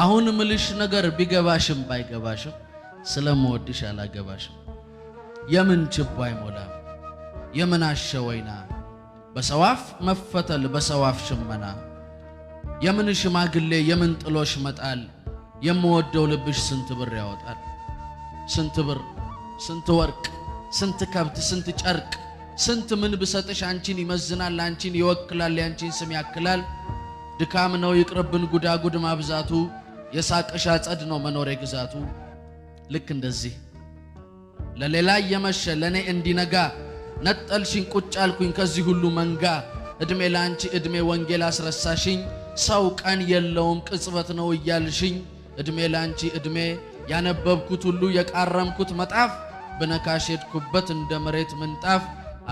አሁን ምልሽ ነገር ቢገባሽም ባይገባሽም ስለምወድሽ አላገባሽም። የምን ችቦ አይሞላም የምን አሸወይና በሰዋፍ መፈተል በሰዋፍ ሽመና የምን ሽማግሌ የምን ጥሎሽ መጣል የምወደው ልብሽ ስንት ብር ያወጣል ስንት ብር ስንት ወርቅ ስንት ከብት ስንት ጨርቅ ስንት ምን ብሰጥሽ አንቺን ይመዝናል አንቺን ይወክላል ያንቺን ስም ያክላል ድካም ነው ይቅርብን ጉዳጉድ ማብዛቱ የሳቀሻ አጸድ ነው መኖሪያ ግዛቱ። ልክ እንደዚህ ለሌላ እየመሸ ለእኔ እንዲነጋ ነጠልሽኝ ቁጭ አልኩኝ ከዚህ ሁሉ መንጋ እድሜ ለአንቺ እድሜ ወንጌል አስረሳሽኝ ሰው ቀን የለውም ቅጽበት ነው እያልሽኝ እድሜ ለአንቺ እድሜ ያነበብኩት ሁሉ የቃረምኩት መጣፍ ብነካሽ ሄድኩበት እንደ መሬት ምንጣፍ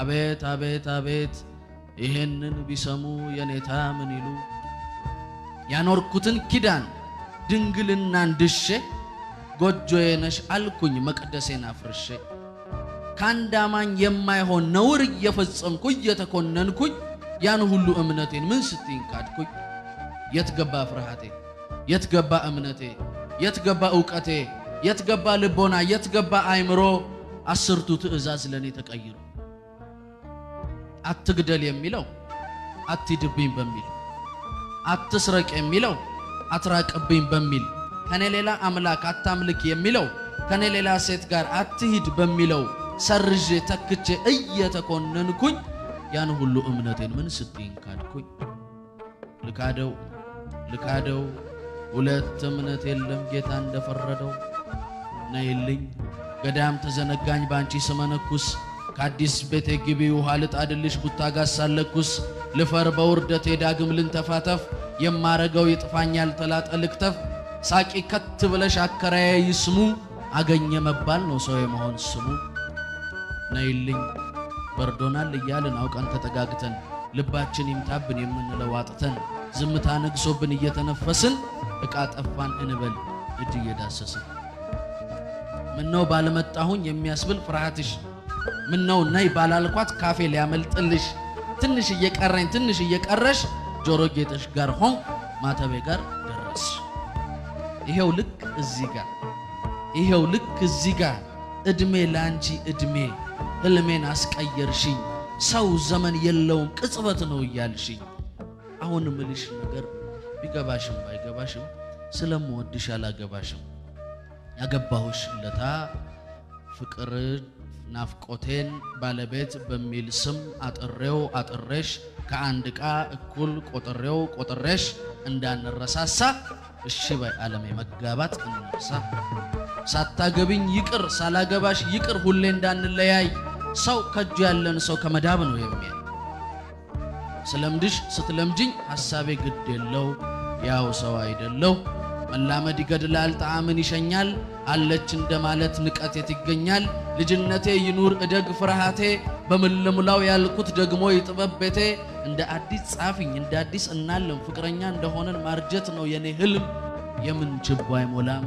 አቤት አቤት አቤት ይህንን ቢሰሙ የኔታ ምን ይሉ ያኖርኩትን ኪዳን ድንግልናን ድሼ ጎጆዬ ነሽ አልኩኝ መቅደሴን አፍርሼ ከአንድ አማኝ የማይሆን ነውር እየፈጸምኩ እየተኮነንኩኝ ያን ሁሉ እምነቴን ምን ስትኝ ካድኩኝ። የት ፍርሃቴ? የት ገባ እምነቴ? የት ገባ እውቀቴ? የትገባ ልቦና? የት ገባ አእምሮ? አስርቱ ትእዛዝ ለእኔ ተቀይሮ አትግደል የሚለው አትሂድብኝ በሚል አትስረቅ የሚለው አትራቅብኝ በሚል ከኔ ሌላ አምላክ አታምልክ የሚለው ከኔ ሌላ ሴት ጋር አትሂድ በሚለው ሰርዤ ተክቼ እየተኮነንኩኝ ያን ሁሉ እምነቴን ምን ስትይን ካልኩኝ ልካደው ልካደው ሁለት እምነት የለም ጌታ እንደፈረደው ነይልኝ ገዳም ተዘነጋኝ በአንቺ ስመነኩስ ከአዲስ ቤቴ ግቢ ውሃ ልጣድልሽ ቡታ ጋሳለኩስ ልፈር በውርደቴ ዳግም ልንተፋተፍ የማረገው ይጥፋኛል ጥላጠ ልክተፍ ሳቂ ከት ብለሽ አከራያ ይስሙ አገኘ መባል ነው ሰው የመሆን ስሙ። ነይልኝ በርዶናል እያልን አውቀን ተጠጋግተን ልባችን ይምታብን የምንለው አጥተን ዝምታ ነግሶብን እየተነፈስን እቃ ጠፋን እንበል እጅ እየዳሰስን ምነው ባልመጣሁኝ የሚያስብል ፍርሃትሽ ምነው ነይ ባላልኳት ካፌ ሊያመልጥልሽ ትንሽ እየቀረኝ ትንሽ እየቀረሽ ጆሮ ጌጥሽ ጋር ሆን ማተቤ ጋር ደረስ። ይሄው ልክ እዚህ ጋር ይሄው ልክ እዚህ ጋር እድሜ ለአንቺ እድሜ ህልሜን አስቀየርሽኝ፣ ሰው ዘመን የለውም ቅጽበት ነው እያልሽኝ። አሁን ምልሽ ነገር ቢገባሽም ባይገባሽም ስለምወድሽ አላገባሽም። ያገባሁሽ ለታ ፍቅር ናፍቆቴን ባለቤት በሚል ስም አጥሬው አጥሬሽ ከአንድ ዕቃ እኩል ቆጥሬው ቆጥሬሽ እንዳንረሳሳ እሺ ባይ ዓለም መጋባት እንርሳ ሳታገብኝ ይቅር ሳላገባሽ ይቅር ሁሌ እንዳንለያይ ሰው ከእጁ ያለን ሰው ከመዳብ ነው የሚያይ ስለምድሽ ስትለምጅኝ ሐሳቤ ግድ የለው ያው ሰው አይደለው መላመድ ይገድላል፣ ጣዕምን ይሸኛል። አለች እንደማለት ንቀት የት ይገኛል? ልጅነቴ ይኑር እደግ ፍርሃቴ፣ በምልምላው ያልኩት ደግሞ ይጥበብ ቤቴ። እንደ አዲስ ጻፊኝ እንደ አዲስ እናለም፣ ፍቅረኛ እንደሆነን ማርጀት ነው የኔ ህልም። የምን ችቦ አይሞላም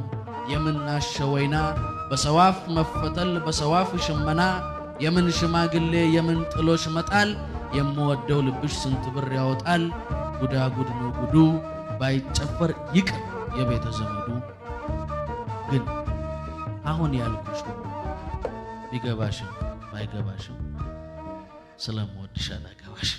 የምን አሸ ወይና፣ በሰዋፍ መፈተል በሰዋፍ ሽመና፣ የምን ሽማግሌ የምን ጥሎሽ መጣል፣ የምወደው ልብሽ ስንት ብር ያወጣል። ጉዳጉድ ነው ጉዱ ባይጨፈር ይቅር የቤተ ዘመዱ ግን አሁን ያልኩሽ ቢገባሽም ባይገባሽም ስለምወድሽ አላገባሽ